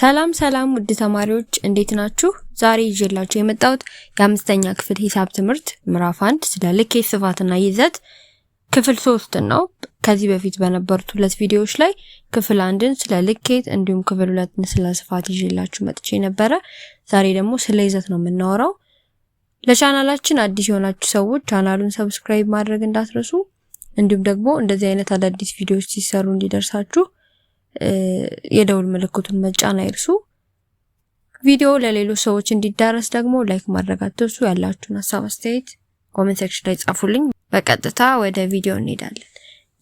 ሰላም ሰላም ውድ ተማሪዎች እንዴት ናችሁ? ዛሬ ይዤላችሁ የመጣሁት የአምስተኛ ክፍል ሂሳብ ትምህርት ምዕራፍ አንድ ስለ ልኬት ስፋትና ይዘት ክፍል ሶስትን ነው። ከዚህ በፊት በነበሩት ሁለት ቪዲዮዎች ላይ ክፍል አንድን ስለ ልኬት እንዲሁም ክፍል ሁለትን ስለ ስፋት ይዤላችሁ መጥቼ ነበረ። ዛሬ ደግሞ ስለ ይዘት ነው የምናወራው። ለቻናላችን አዲስ የሆናችሁ ሰዎች ቻናሉን ሰብስክራይብ ማድረግ እንዳትረሱ፣ እንዲሁም ደግሞ እንደዚህ አይነት አዳዲስ ቪዲዮዎች ሲሰሩ እንዲደርሳችሁ የደውል ምልክቱን መጫን አይርሱ። ቪዲዮ ለሌሎች ሰዎች እንዲዳረስ ደግሞ ላይክ ማድረግ አትርሱ። ያላችሁን ሀሳብ አስተያየት ኮሜንት ሴክሽን ላይ ጻፉልኝ። በቀጥታ ወደ ቪዲዮ እንሄዳለን።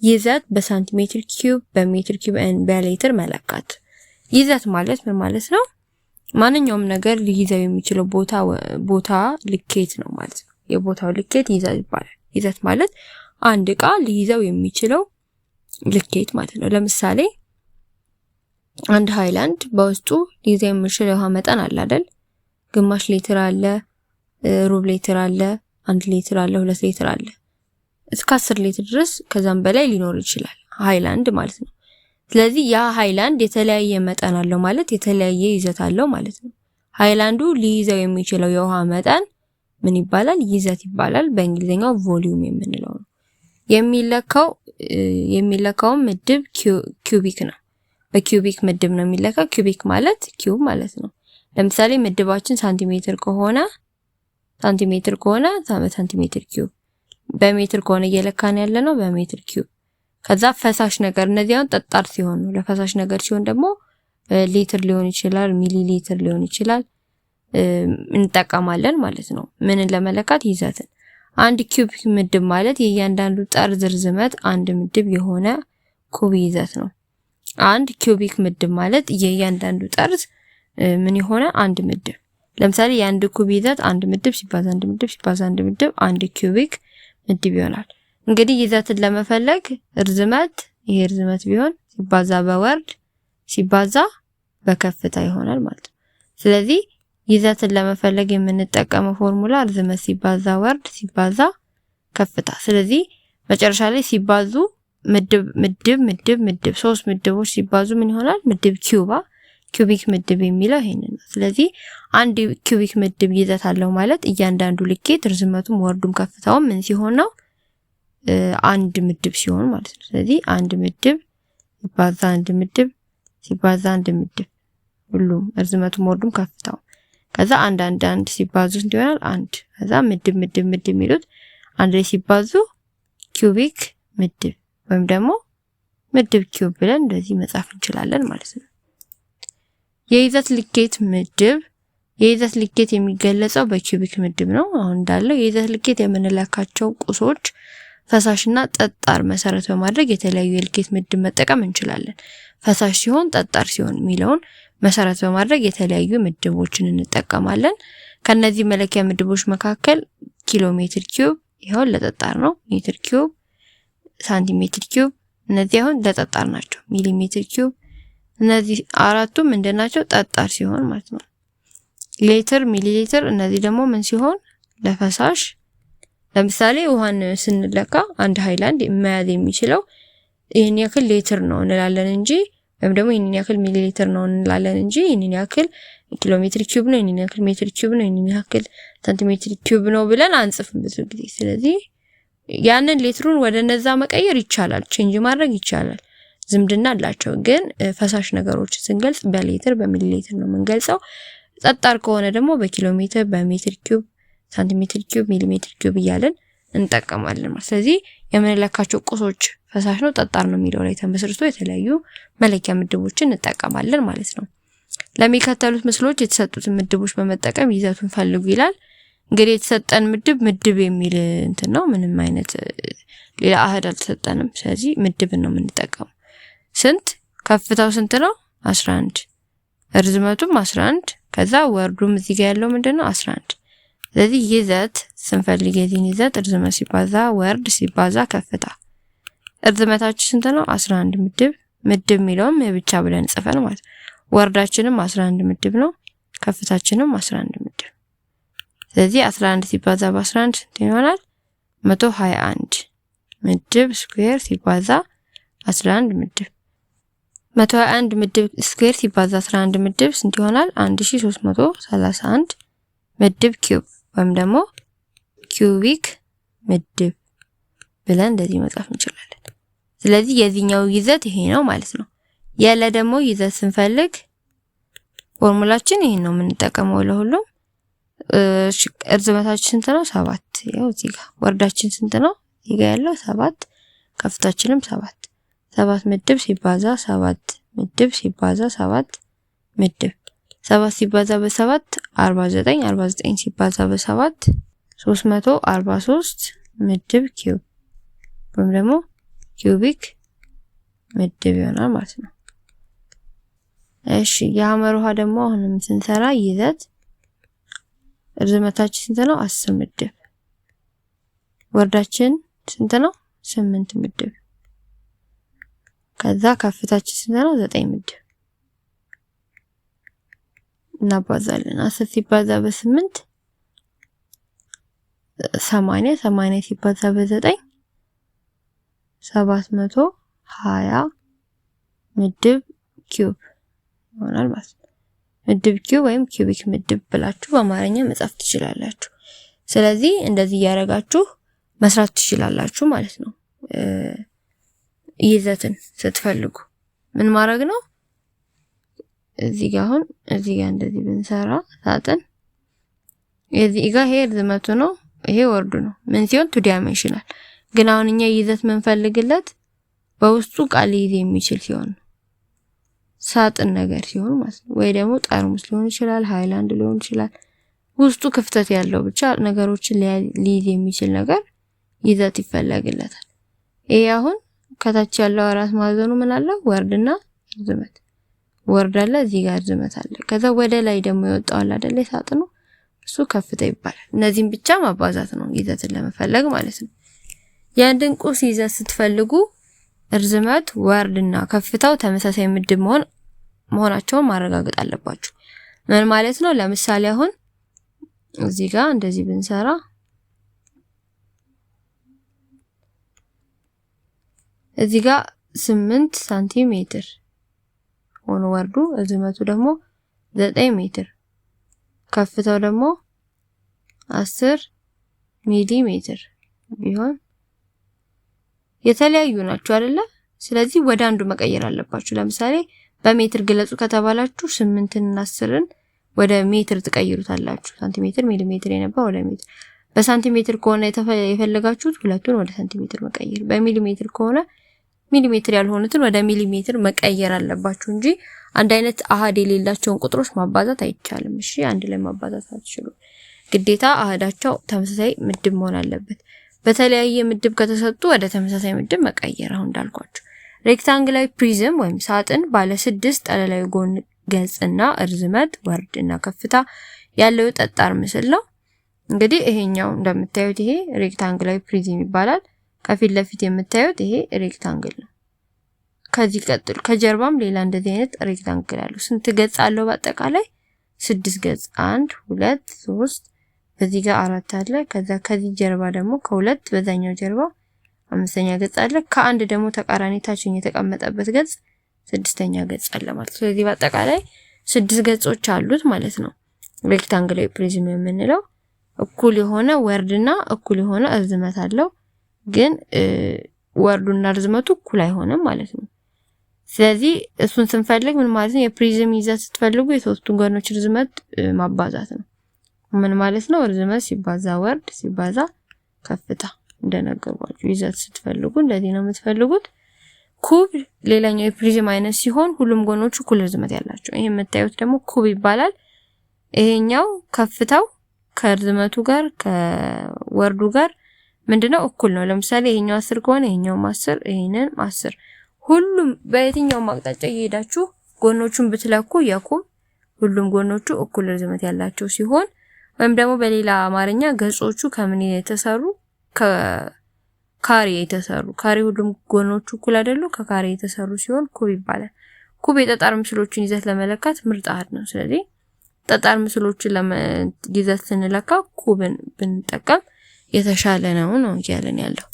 ይዘት በሳንቲሜትር ኪዩብ በሜትር ኪዩብ ኤን በሌትር መለካት። ይዘት ማለት ምን ማለት ነው? ማንኛውም ነገር ሊይዘው የሚችለው ቦታ ቦታ ልኬት ነው ማለት ነው። የቦታው ልኬት ይዘት ይባላል። ይዘት ማለት አንድ እቃ ሊይዘው የሚችለው ልኬት ማለት ነው። ለምሳሌ አንድ ሃይላንድ በውስጡ ሊይዝ የሚችል የውሃ መጠን አለ አይደል? ግማሽ ሊትር አለ፣ ሩብ ሊትር አለ፣ አንድ ሊትር አለ፣ ሁለት ሊትር አለ። እስከ አስር ሊትር ድረስ ከዛም በላይ ሊኖር ይችላል ሃይላንድ ማለት ነው። ስለዚህ ያ ሃይላንድ የተለያየ መጠን አለው ማለት የተለያየ ይዘት አለው ማለት ነው። ሃይላንዱ ሊይዘው የሚችለው የውሃ መጠን ምን ይባላል? ይዘት ይባላል። በእንግሊዝኛው ቮሊዩም የምንለው ነው። የሚለካው የሚለካውም ምድብ ኪዩቢክ ነው። በኪዩቢክ ምድብ ነው የሚለካው። ኪዩቢክ ማለት ኪዩብ ማለት ነው። ለምሳሌ ምድባችን ሳንቲሜትር ከሆነ ሳንቲሜትር ከሆነ ሳንቲሜትር ኪዩብ፣ በሜትር ከሆነ እየለካን ያለ ነው በሜትር ኪዩብ። ከዛ ፈሳሽ ነገር እነዚህ አሁን ጠጣር ሲሆን ነው። ለፈሳሽ ነገር ሲሆን ደግሞ ሊትር ሊሆን ይችላል፣ ሚሊ ሊትር ሊሆን ይችላል እንጠቀማለን ማለት ነው። ምንን ለመለካት ይዘትን። አንድ ኪዩቢክ ምድብ ማለት የእያንዳንዱ ጠርዝ ርዝመት አንድ ምድብ የሆነ ኩብ ይዘት ነው። አንድ ኪዩቢክ ምድብ ማለት የእያንዳንዱ ጠርዝ ምን የሆነ አንድ ምድብ። ለምሳሌ የአንድ ኩብ ይዘት አንድ ምድብ ሲባዛ አንድ ምድብ ሲባዛ አንድ ምድብ አንድ ኪዩቢክ ምድብ ይሆናል። እንግዲህ ይዘትን ለመፈለግ እርዝመት ይሄ እርዝመት ቢሆን ሲባዛ በወርድ ሲባዛ በከፍታ ይሆናል ማለት ነው። ስለዚህ ይዘትን ለመፈለግ የምንጠቀመው ፎርሙላ እርዝመት ሲባዛ ወርድ ሲባዛ ከፍታ። ስለዚህ መጨረሻ ላይ ሲባዙ ምድብ ምድብ ምድብ ምድብ ሶስት ምድቦች ሲባዙ ምን ይሆናል? ምድብ ኪዩባ ኪዩቢክ ምድብ የሚለው ይሄንን ነው። ስለዚህ አንድ ኪዩቢክ ምድብ ይዘት አለው ማለት እያንዳንዱ ልኬት ርዝመቱም፣ ወርዱም ከፍታውም ምን ሲሆን ነው? አንድ ምድብ ሲሆን ማለት ነው። ስለዚህ አንድ ምድብ ሲባዛ አንድ ምድብ ሲባዛ አንድ ምድብ ሁሉም ርዝመቱም ወርዱም ከፍታው ከዛ አንድ አንድ አንድ ሲባዙ እንዲሆናል አንድ ከዛ ምድብ ምድብ ምድብ የሚሉት አንድ ላይ ሲባዙ ኪዩቢክ ምድብ ወይም ደግሞ ምድብ ኪው ብለን እንደዚህ መጻፍ እንችላለን ማለት ነው። የይዘት ልኬት ምድብ የይዘት ልኬት የሚገለጸው በኪዩቢክ ምድብ ነው። አሁን እንዳለው የይዘት ልኬት የምንለካቸው ቁሶች ፈሳሽና ጠጣር መሰረት በማድረግ የተለያዩ የልኬት ምድብ መጠቀም እንችላለን። ፈሳሽ ሲሆን ጠጣር ሲሆን የሚለውን መሰረት በማድረግ የተለያዩ ምድቦችን እንጠቀማለን። ከነዚህ መለኪያ ምድቦች መካከል ኪሎ ሜትር ኪዩብ ይኸው ለጠጣር ነው። ሜትር ኪዩብ ሳንቲሜትር ኪዩብ፣ እነዚህ አሁን ለጠጣር ናቸው። ሚሊሜትር ኪዩብ፣ እነዚህ አራቱም ምንድን ናቸው? ጠጣር ሲሆን ማለት ነው። ሌትር፣ ሚሊሊትር፣ እነዚህ ደግሞ ምን ሲሆን ለፈሳሽ። ለምሳሌ ውሃን ስንለካ አንድ ሃይላንድ መያዝ የሚችለው ይህን ያክል ሌትር ነው እንላለን እንጂ ወይም ደግሞ ይህንን ያክል ሊትር ነው እንላለን እንጂ ይህንን ያክል ኪሎ ሜትር ኪዩብ ነው፣ ይህንን ያክል ሜትር ኪዩብ ነው፣ ይህንን ያክል ሳንቲሜትር ኪዩብ ነው ብለን አንጽፍም ብዙ ጊዜ። ስለዚህ ያንን ሌትሩን ወደ ነዛ መቀየር ይቻላል፣ ቼንጅ ማድረግ ይቻላል። ዝምድና አላቸው። ግን ፈሳሽ ነገሮች ስንገልጽ በሌትር በሚሊሌትር ነው የምንገልጸው። ጠጣር ከሆነ ደግሞ በኪሎ ሜትር፣ በሜትር ኪዩብ፣ ሳንቲሜትር ኪዩብ፣ ሚሊሜትር ኪዩብ እያለን እንጠቀማለን። ስለዚህ የምንለካቸው ቁሶች ፈሳሽ ነው ጠጣር ነው የሚለው ላይ ተመስርቶ የተለያዩ መለኪያ ምድቦችን እንጠቀማለን ማለት ነው። ለሚከተሉት ምስሎች የተሰጡትን ምድቦች በመጠቀም ይዘቱን ፈልጉ ይላል። እንግዲህ የተሰጠን ምድብ ምድብ የሚል እንትን ነው። ምንም አይነት ሌላ አህድ አልተሰጠንም። ስለዚህ ምድብን ነው የምንጠቀመው። ስንት ከፍታው ስንት ነው? 11 እርዝመቱም 11 ከዛ ወርዱም እዚህ ጋር ያለው ምንድነው? 11 ስለዚህ ይዘት ስንፈልግ የዚህን ይዘት እርዝመት ሲባዛ ወርድ ሲባዛ ከፍታ እርዝመታችን ስንት ነው? 11 ምድብ ምድብ የሚለውም ብቻ ብለን ጽፈን ማለት ወርዳችንም 11 ምድብ ነው። ከፍታችንም 11 ምድብ ስለዚህ 11 ሲባዛ በ11 ስንት ይሆናል? 121 ምድብ ስኩዌር ሲባዛ 11 ምድብ 121 ምድብ ስኩዌር ሲባዛ 11 ምድብ ስንት ይሆናል? 1331 ምድብ ኪዩብ ወይም ደግሞ ኪዩቢክ ምድብ ብለን እንደዚህ መጻፍ እንችላለን። ስለዚህ የዚህኛው ይዘት ይሄ ነው ማለት ነው። የለ ደግሞ ይዘት ስንፈልግ ፎርሙላችን ይሄን ነው የምንጠቀመው ለሁሉም እርዝመታችን ስንት ነው? ሰባት ያው እዚህ ጋር ወርዳችን ስንት ነው? እዚህ ጋር ያለው ሰባት ከፍታችንም ሰባት ሰባት ምድብ ሲባዛ ሰባት ምድብ ሲባዛ ሰባት ምድብ ሰባት ሲባዛ በሰባት አርባ ዘጠኝ አርባ ዘጠኝ ሲባዛ በሰባት ሶስት መቶ አርባ ሶስት ምድብ ኪዩብ ወይም ደግሞ ኪዩቢክ ምድብ ይሆናል ማለት ነው። እሺ የሐመር ውሃ ደግሞ አሁንም ስንሰራ ይዘት ርዝመታችን ስንት ነው? አስር ምድብ። ወርዳችን ስንት ነው? ስምንት ምድብ። ከዛ ከፍታችን ስንት ነው? ዘጠኝ ምድብ። እናባዛለን። አስር ሲባዛ በስምንት ሰማንያ፣ ሰማንያ ሲባዛ በዘጠኝ ሰባት መቶ ሀያ ምድብ ኪዩብ ይሆናል ማለት ነው። ምድብ ኪው ወይም ኪዩቢክ ምድብ ብላችሁ በአማርኛ መጻፍ ትችላላችሁ። ስለዚህ እንደዚህ እያደረጋችሁ መስራት ትችላላችሁ ማለት ነው። ይዘትን ስትፈልጉ ምን ማድረግ ነው? እዚህ ጋር አሁን እዚህ ጋር እንደዚህ ብንሰራ ሳጥን እዚህ ጋር ይሄ ርዝመቱ ነው፣ ይሄ ወርዱ ነው። ምን ሲሆን ቱ ዳይሜንሽናል። ግን አሁን እኛ ይዘት ምንፈልግለት በውስጡ ቃል ይይዝ የሚችል ሲሆን ሳጥን ነገር ሲሆን ማለት ነው። ወይ ደግሞ ጠርሙስ ሊሆን ይችላል፣ ሃይላንድ ሊሆን ይችላል። ውስጡ ክፍተት ያለው ብቻ ነገሮችን ሊይዝ የሚችል ነገር ይዘት ይፈለግለታል። ይሄ አሁን ከታች ያለው አራት ማዕዘኑ ምን አለ? ወርድና ርዝመት ወርድ አለ፣ እዚህ ጋር ርዝመት አለ። ከዛ ወደ ላይ ደግሞ የወጣዋል አይደል? ሳጥኑ እሱ ከፍታ ይባላል። እነዚህም ብቻ ማባዛት ነው ይዘትን ለመፈለግ ማለት ነው። የአንድን ቁስ ይዘት ስትፈልጉ እርዝመት፣ ወርድና ከፍታው ተመሳሳይ ምድብ መሆን መሆናቸውን ማረጋገጥ አለባችሁ። ምን ማለት ነው? ለምሳሌ አሁን እዚህ ጋር እንደዚህ ብንሰራ እዚህ ጋር ስምንት ሳንቲሜትር ሆኖ ወርዱ እዝመቱ ደግሞ ዘጠኝ ሜትር ከፍታው ደግሞ አስር ሚሊ ሜትር ቢሆን የተለያዩ ናቸው አይደለ? ስለዚህ ወደ አንዱ መቀየር አለባችሁ። ለምሳሌ በሜትር ግለጹ ከተባላችሁ ስምንትን እና አስርን ወደ ሜትር ትቀይሩታላችሁ። ሳንቲሜትር ሚሊሜትር የነበር ወደ ሜትር፣ በሳንቲሜትር ከሆነ የፈለጋችሁት ሁለቱን ወደ ሳንቲሜትር መቀየር፣ በሚሊሜትር ከሆነ ሚሊሜትር ያልሆኑትን ወደ ሚሊሜትር መቀየር አለባችሁ እንጂ አንድ አይነት አሃድ የሌላቸውን ቁጥሮች ማባዛት አይቻልም። እሺ አንድ ላይ ማባዛት አትችሉም። ግዴታ አሃዳቸው ተመሳሳይ ምድብ መሆን አለበት። በተለያየ ምድብ ከተሰጡ ወደ ተመሳሳይ ምድብ መቀየር አሁን እንዳልኳችሁ ሬክታንግላዊ ፕሪዝም ወይም ሳጥን ባለ ስድስት ጠለላዊ ጎን ገጽና እርዝመት ወርድ እና ከፍታ ያለው ጠጣር ምስል ነው። እንግዲህ ይሄኛው እንደምታዩት ይሄ ሬክታንግላዊ ፕሪዝም ይባላል። ከፊት ለፊት የምታዩት ይሄ ሬክታንግል ነው። ከዚህ ቀጥሎ ከጀርባም ሌላ እንደዚህ አይነት ሬክታንግል አለው። ስንት ገጽ አለው? በአጠቃላይ ስድስት ገጽ። አንድ ሁለት ሶስት፣ በዚህ ጋር አራት አለ። ከዛ ከዚህ ጀርባ ደግሞ ከሁለት በዛኛው ጀርባ አምስተኛ ገጽ አለ። ከአንድ ደግሞ ተቃራኒ የተቀመጠበት ገጽ ስድስተኛ ገጽ አለ ማለት። ስለዚህ በአጠቃላይ ስድስት ገጾች አሉት ማለት ነው። ሬክታንግላዊ ፕሪዝም የምንለው እኩል የሆነ ወርድና እኩል የሆነ እርዝመት አለው፣ ግን ወርዱና እርዝመቱ እኩል አይሆንም ማለት ነው። ስለዚህ እሱን ስንፈልግ ምን ማለት ነው? የፕሪዝም ይዘት ስትፈልጉ የሶስቱ ጎኖች ርዝመት ማባዛት ነው። ምን ማለት ነው? ርዝመት ሲባዛ ወርድ ሲባዛ ከፍታ እንደነገርኳችሁ ይዘት ስትፈልጉ እንደዚህ ነው የምትፈልጉት። ኩብ ሌላኛው የፕሪዝም አይነት ሲሆን ሁሉም ጎኖቹ እኩል ርዝመት ያላቸው። ይሄ የምታዩት ደግሞ ኩብ ይባላል። ይሄኛው ከፍታው ከርዝመቱ ጋር ከወርዱ ጋር ምንድነው እኩል ነው። ለምሳሌ ይሄኛው አስር ከሆነ ይሄኛው አስር ይሄንን አስር ሁሉም በየትኛውም አቅጣጫ እየሄዳችሁ ጎኖቹን ብትለኩ የኩብ ሁሉም ጎኖቹ እኩል ርዝመት ያላቸው ሲሆን ወይም ደግሞ በሌላ አማርኛ ገጾቹ ከምን የተሰሩ ከካሬ የተሰሩ ካሬ ሁሉም ጎኖቹ እኩል አይደሉ፣ ከካሬ የተሰሩ ሲሆን ኩብ ይባላል። ኩብ የጠጣር ምስሎችን ይዘት ለመለካት ምርጥ አሃድ ነው። ስለዚህ ጠጣር ምስሎችን ይዘት ስንለካ ኩብን ብንጠቀም የተሻለ ነው ነው እያለን ያለው።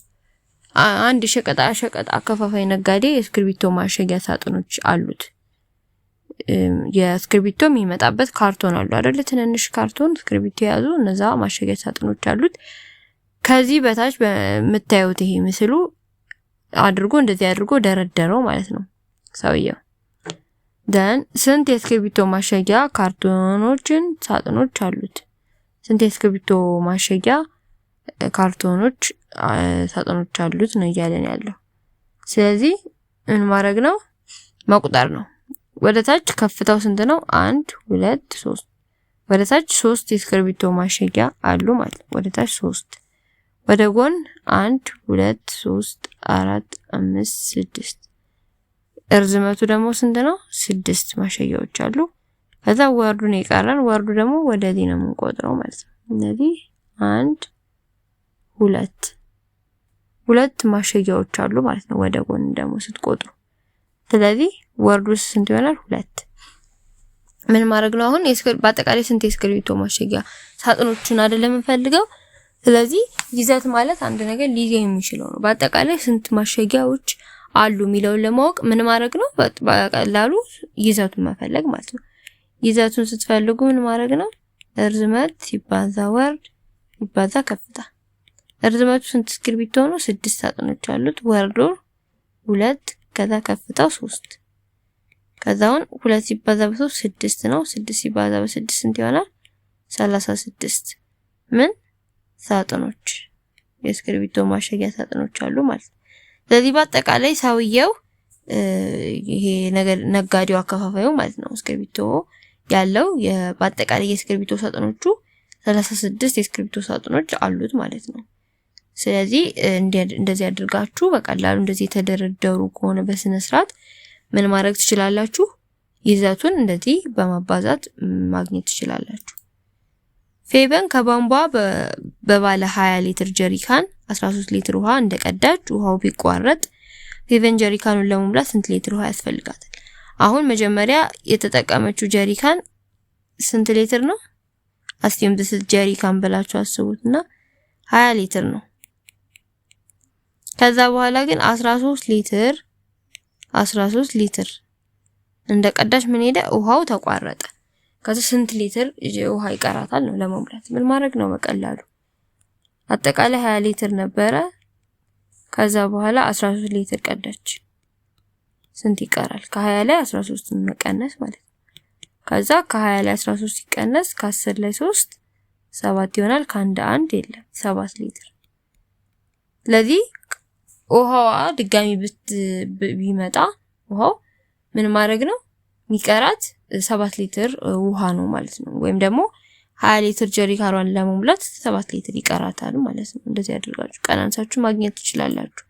አንድ ሸቀጣ ሸቀጥ አከፋፋይ ነጋዴ የእስክርቢቶ ማሸጊያ ሳጥኖች አሉት። የእስክርቢቶ የሚመጣበት ካርቶን አሉ አይደለ? ትንንሽ ካርቶን እስክርቢቶ የያዙ እነዛ ማሸጊያ ሳጥኖች አሉት። ከዚህ በታች በምታዩት ይሄ ምስሉ አድርጎ እንደዚህ አድርጎ ደረደረው ማለት ነው ሰውየው። ደን ስንት የእስክሪብቶ ማሸጊያ ካርቶኖችን ሳጥኖች አሉት? ስንት የእስክሪብቶ ማሸጊያ ካርቶኖች ሳጥኖች አሉት ነው እያለን ያለው። ስለዚህ ምን ማድረግ ነው? መቁጠር ነው። ወደ ታች ከፍታው ስንት ነው? አንድ ሁለት ሶስት። ወደ ታች ሶስት ማሸጊያ አሉ ማለት ነው። ወደ ታች ሶስት ወደ ጎን አንድ ሁለት ሶስት አራት አምስት ስድስት እርዝመቱ ደግሞ ስንት ነው? ስድስት ማሸጊያዎች አሉ። ከዛ ወርዱን የቀረን ወርዱ ደግሞ ወደዚህ ነው የምንቆጥረው ማለት ነው። እነዚህ አንድ ሁለት ሁለት ማሸጊያዎች አሉ ማለት ነው። ወደ ጎን ደግሞ ስትቆጥሩ ስለዚህ ወርዱ ስንት ይሆናል? ሁለት ምን ማድረግ ነው አሁን? በአጠቃላይ ስንት የእስክርቢቶ ማሸጊያ ሳጥኖቹን አይደለም የምንፈልገው? ስለዚህ ይዘት ማለት አንድ ነገር ሊይዝ የሚችለው ነው። በአጠቃላይ ስንት ማሸጊያዎች አሉ የሚለውን ለማወቅ ምን ማድረግ ነው? በቀላሉ ይዘቱን መፈለግ ማለት ነው። ይዘቱን ስትፈልጉ ምን ማድረግ ነው? እርዝመት ይባዛ ወርድ ይባዛ ከፍታ። እርዝመቱ ስንት እስክርቢቶ ነው? ስድስት ሳጥኖች አሉት። ወርዱ ሁለት ከዛ ከፍታው ሶስት ከዛውን ሁለት ሲባዛ በሶስት ስድስት ነው። ስድስት ሲባዛ በስድስት ስንት ይሆናል? ሰላሳ ስድስት ምን ሳጥኖች የእስክርቢቶ ማሸጊያ ሳጥኖች አሉ ማለት ነው። ስለዚህ በአጠቃላይ ሰውየው ይሄ ነጋዴው አከፋፋዩ ማለት ነው እስክርቢቶ ያለው በአጠቃላይ የእስክርቢቶ ሳጥኖቹ 36 የእስክርቢቶ ሳጥኖች አሉት ማለት ነው። ስለዚህ እንደዚህ አድርጋችሁ በቀላሉ እንደዚህ የተደረደሩ ከሆነ በስነ ስርዓት ምን ማድረግ ትችላላችሁ? ይዘቱን እንደዚህ በማባዛት ማግኘት ትችላላችሁ። ፌቨን ከቧንቧ በባለ 20 ሊትር ጀሪካን 13 ሊትር ውሃ እንደቀዳች ውሃው ቢቋረጥ ፌቨን ጀሪካኑን ለመሙላት ስንት ሊትር ውሃ ያስፈልጋታል? አሁን መጀመሪያ የተጠቀመችው ጀሪካን ስንት ሊትር ነው? አስቲም ዲስ ጀሪካን ብላችሁ አስቡትና 20 ሊትር ነው። ከዛ በኋላ ግን 13 ሊትር 13 ሊትር እንደቀዳች ምን ሄደ? ውሃው ተቋረጠ። ከዚህ ስንት ሊትር ውሃ ይቀራታል ነው ለመሙላት። ምን ማድረግ ነው በቀላሉ አጠቃላይ 20 ሊትር ነበረ። ከዛ በኋላ 13 ሊትር ቀዳች። ስንት ይቀራል? ከ20 ላይ 13 መቀነስ ማለት ነው። ከዛ ከ20 ላይ 13 ሲቀነስ ከ10 ላይ 3 7 ይሆናል። ከአንድ አንድ የለም 7 ሊትር። ስለዚህ ውሃዋ ድጋሚ ቢመጣ ውሃው ምን ማድረግ ነው የሚቀራት ሰባት ሊትር ውሃ ነው ማለት ነው። ወይም ደግሞ ሀያ ሊትር ጀሪካሯን ለመሙላት ሰባት ሊትር ይቀራታል ማለት ነው። እንደዚህ አድርጋችሁ ቀናንሳችሁ ማግኘት ትችላላችሁ።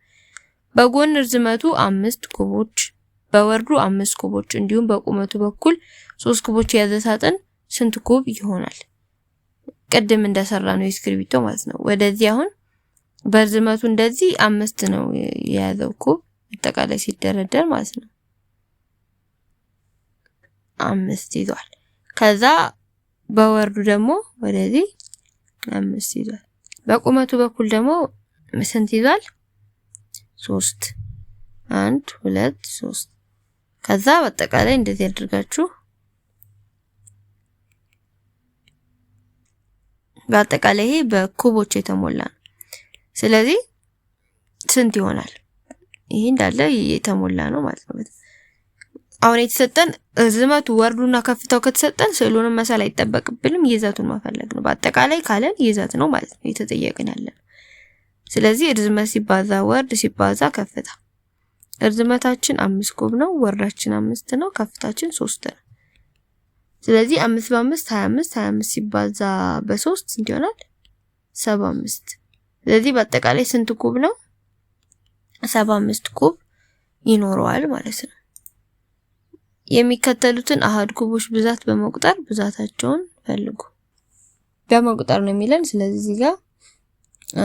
በጎን ርዝመቱ አምስት ኩቦች በወርዱ አምስት ኩቦች እንዲሁም በቁመቱ በኩል ሶስት ኩቦች የያዘ ሳጥን ስንት ኩብ ይሆናል? ቅድም እንደሰራ ነው የእስክሪብቶ ማለት ነው። ወደዚህ አሁን በርዝመቱ እንደዚህ አምስት ነው የያዘው ኩብ አጠቃላይ ሲደረደር ማለት ነው። አምስት ይዟል። ከዛ በወርዱ ደግሞ ወደዚህ አምስት ይዟል። በቁመቱ በኩል ደግሞ ስንት ይዟል? ሶስት አንድ ሁለት ሶስት። ከዛ በአጠቃላይ እንደዚህ አድርጋችሁ በአጠቃላይ ይሄ በኩቦች የተሞላ ነው። ስለዚህ ስንት ይሆናል? ይሄ እንዳለ የተሞላ ነው ማለት ነው። አሁን የተሰጠን ዝመቱ ወርዱና ከፍታው ከተሰጠን ስዕሉንም መሳል አይጠበቅብንም። ይዘቱን መፈለግ ነው። በአጠቃላይ ካለን ይዘት ነው ማለት ነው የተጠየቅን ያለን። ስለዚህ እርዝመት ሲባዛ ወርድ ሲባዛ ከፍታ። እርዝመታችን አምስት ኩብ ነው። ወርዳችን አምስት ነው። ከፍታችን ሶስት ነው። ስለዚህ አምስት በአምስት ሀያ አምስት ሀያ አምስት ሲባዛ በሶስት ስንት ይሆናል? ሰባ አምስት ስለዚህ በአጠቃላይ ስንት ኩብ ነው? ሰባ አምስት ኩብ ይኖረዋል ማለት ነው። የሚከተሉትን አሃድ ኩቦች ብዛት በመቁጠር ብዛታቸውን ፈልጉ። በመቁጠር ነው የሚለን። ስለዚህ እዚህ ጋር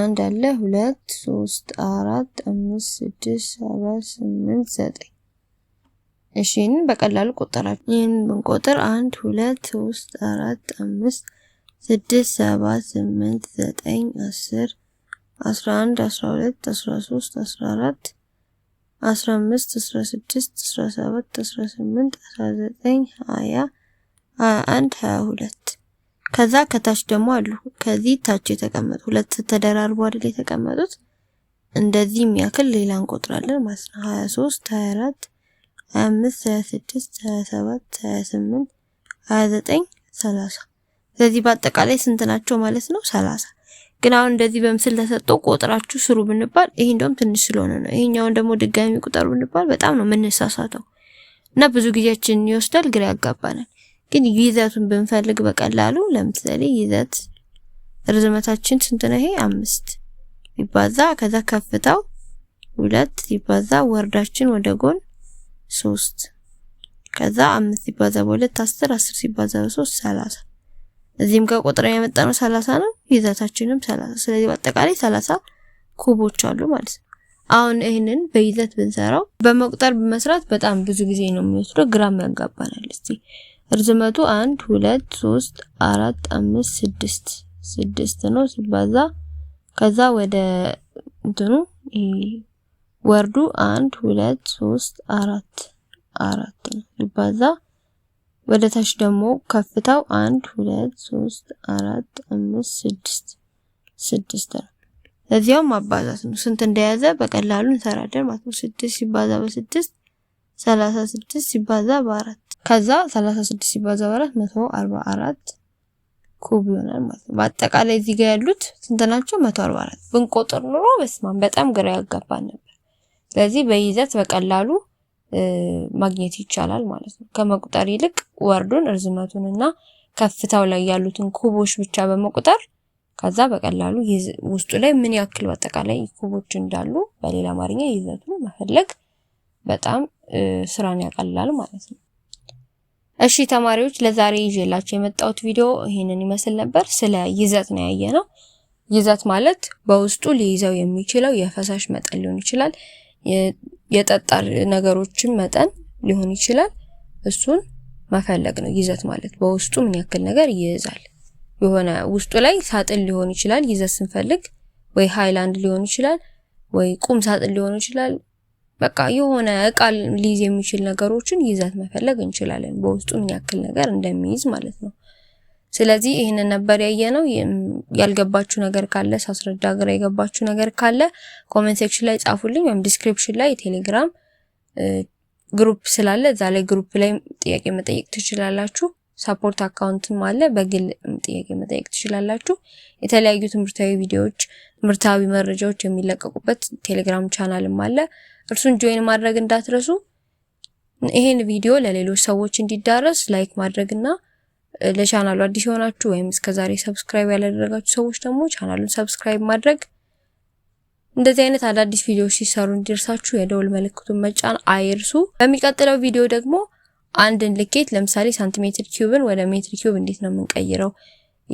አንድ አለ፣ ሁለት፣ ሶስት፣ አራት፣ አምስት፣ ስድስት፣ ሰባት፣ ስምንት፣ ዘጠኝ። እሺ በቀላሉ ቆጠራችሁ። ይህንን ብንቆጥር አንድ፣ ሁለት፣ ሶስት፣ አራት፣ አምስት፣ ስድስት፣ ሰባት፣ ስምንት፣ ዘጠኝ፣ አስር፣ አስራ አንድ፣ አስራ ሁለት፣ አስራ ሶስት፣ አስራ አራት 15 16 17 18 19 20 21 22 ከዛ ከታች ደግሞ አሉ። ከዚህ ታች የተቀመጡ ሁለት ተደራርቦ አይደል የተቀመጡት እንደዚህ የሚያክል ሌላ እንቆጥራለን ማለት ነው። 23 24 25 26 27 28 29 30 ስለዚህ በአጠቃላይ ስንት ናቸው ማለት ነው? 30 ግን አሁን እንደዚህ በምስል ተሰጠው ቆጥራችሁ ስሩ ብንባል ይሄ እንደውም ትንሽ ስለሆነ ነው። ይሄኛውን ደግሞ ድጋሚ ቁጠሩ ብንባል በጣም ነው የምንሳሳተው እና ብዙ ጊዜያችንን ይወስዳል፣ ግራ ያጋባናል። ግን ይዘቱን ብንፈልግ በቀላሉ ለምሳሌ ይዘት ርዝመታችን ስንት ነው? ይሄ አምስት ይባዛ ከዛ ከፍታው ሁለት ይባዛ ወርዳችን ወደ ጎን ሶስት ከዛ አምስት ይባዛ በሁለት አስር አስር ሲባዛ በሶስት ሰላሳ እዚህም ጋር ቁጥር ያመጣነው ሰላሳ ነው። ይዘታችንም 30 ስለዚህ በአጠቃላይ ሰላሳ ኩቦች አሉ ማለት ነው። አሁን ይህንን በይዘት ብንሰራው በመቁጠር በመስራት በጣም ብዙ ጊዜ ነው የሚወስደው፣ ግራም ያጋባናል። እስቲ እርዝመቱ 1 2 3 4 5 ስድስት 6 ነው ሲባዛ ከዛ ወደ እንትኑ ወርዱ 1 2 3 4 አራት ነው ሲባዛ ወደ ታች ደግሞ ከፍታው አንድ ሁለት ሶስት አራት አምስት ስድስት ስድስት ነው። ለዚያውም ማባዛት ነው። ስንት እንደያዘ በቀላሉ እንሰራለን ማለት ነው። ስድስት ሲባዛ በስድስት ሰላሳ ስድስት ሲባዛ በአራት ከዛ ሰላሳ ስድስት ሲባዛ በአራት መቶ አርባ አራት ኩብ ይሆናል ማለት ነው። በአጠቃላይ እዚህ ጋር ያሉት ስንት ናቸው? መቶ አርባ አራት ብንቆጥር ኑሮ በስማም በጣም ግራ ያጋባን ነበር። ስለዚህ በይዘት በቀላሉ ማግኘት ይቻላል ማለት ነው። ከመቁጠር ይልቅ ወርዱን እርዝመቱን እና ከፍታው ላይ ያሉትን ኩቦች ብቻ በመቁጠር ከዛ በቀላሉ ውስጡ ላይ ምን ያክል በአጠቃላይ ኩቦች እንዳሉ በሌላ አማርኛ ይዘቱን መፈለግ በጣም ስራን ያቀላል ማለት ነው። እሺ ተማሪዎች ለዛሬ ይዤላችሁ የመጣሁት ቪዲዮ ይሄንን ይመስል ነበር። ስለ ይዘት ነው ያየነው። ይዘት ማለት በውስጡ ሊይዘው የሚችለው የፈሳሽ መጠን ሊሆን ይችላል። የጠጣር ነገሮችን መጠን ሊሆን ይችላል። እሱን መፈለግ ነው ይዘት ማለት በውስጡ ምን ያክል ነገር ይይዛል። የሆነ ውስጡ ላይ ሳጥን ሊሆን ይችላል ይዘት ስንፈልግ፣ ወይ ሃይላንድ ሊሆን ይችላል፣ ወይ ቁም ሳጥን ሊሆን ይችላል። በቃ የሆነ እቃ ሊይዝ የሚችል ነገሮችን ይዘት መፈለግ እንችላለን፣ በውስጡ ምን ያክል ነገር እንደሚይዝ ማለት ነው። ስለዚህ ይህንን ነበር ያየ ነው። ያልገባችሁ ነገር ካለ ሳስረዳ ግራ የገባችሁ ነገር ካለ ኮሜንት ሴክሽን ላይ ጻፉልኝ፣ ወይም ዲስክሪፕሽን ላይ የቴሌግራም ግሩፕ ስላለ እዛ ላይ ግሩፕ ላይ ጥያቄ መጠየቅ ትችላላችሁ። ሰፖርት አካውንትም አለ፣ በግል ጥያቄ መጠየቅ ትችላላችሁ። የተለያዩ ትምህርታዊ ቪዲዮዎች፣ ትምህርታዊ መረጃዎች የሚለቀቁበት ቴሌግራም ቻናልም አለ። እርሱን ጆይን ማድረግ እንዳትረሱ። ይሄን ቪዲዮ ለሌሎች ሰዎች እንዲዳረስ ላይክ ማድረግና ለቻናሉ አዲስ የሆናችሁ ወይም እስከዛሬ ሰብስክራይብ ያላደረጋችሁ ሰዎች ደግሞ ቻናሉን ሰብስክራይብ ማድረግ፣ እንደዚህ አይነት አዳዲስ ቪዲዮዎች ሲሰሩ እንዲደርሳችሁ የደውል ምልክቱን መጫን አይርሱ። በሚቀጥለው ቪዲዮ ደግሞ አንድን ልኬት ለምሳሌ ሳንቲሜትር ኪዩብን ወደ ሜትር ኪዩብ እንዴት ነው የምንቀይረው?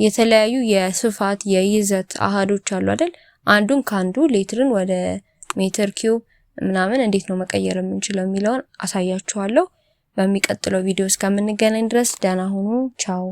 የተለያዩ የስፋት የይዘት አሃዶች አሉ አይደል? አንዱን ከአንዱ ሌትርን ወደ ሜትር ኪዩብ ምናምን እንዴት ነው መቀየር የምንችለው የሚለውን አሳያችኋለሁ። በሚቀጥለው ቪዲዮ እስከምንገናኝ ድረስ ደህና ሁኑ። ቻው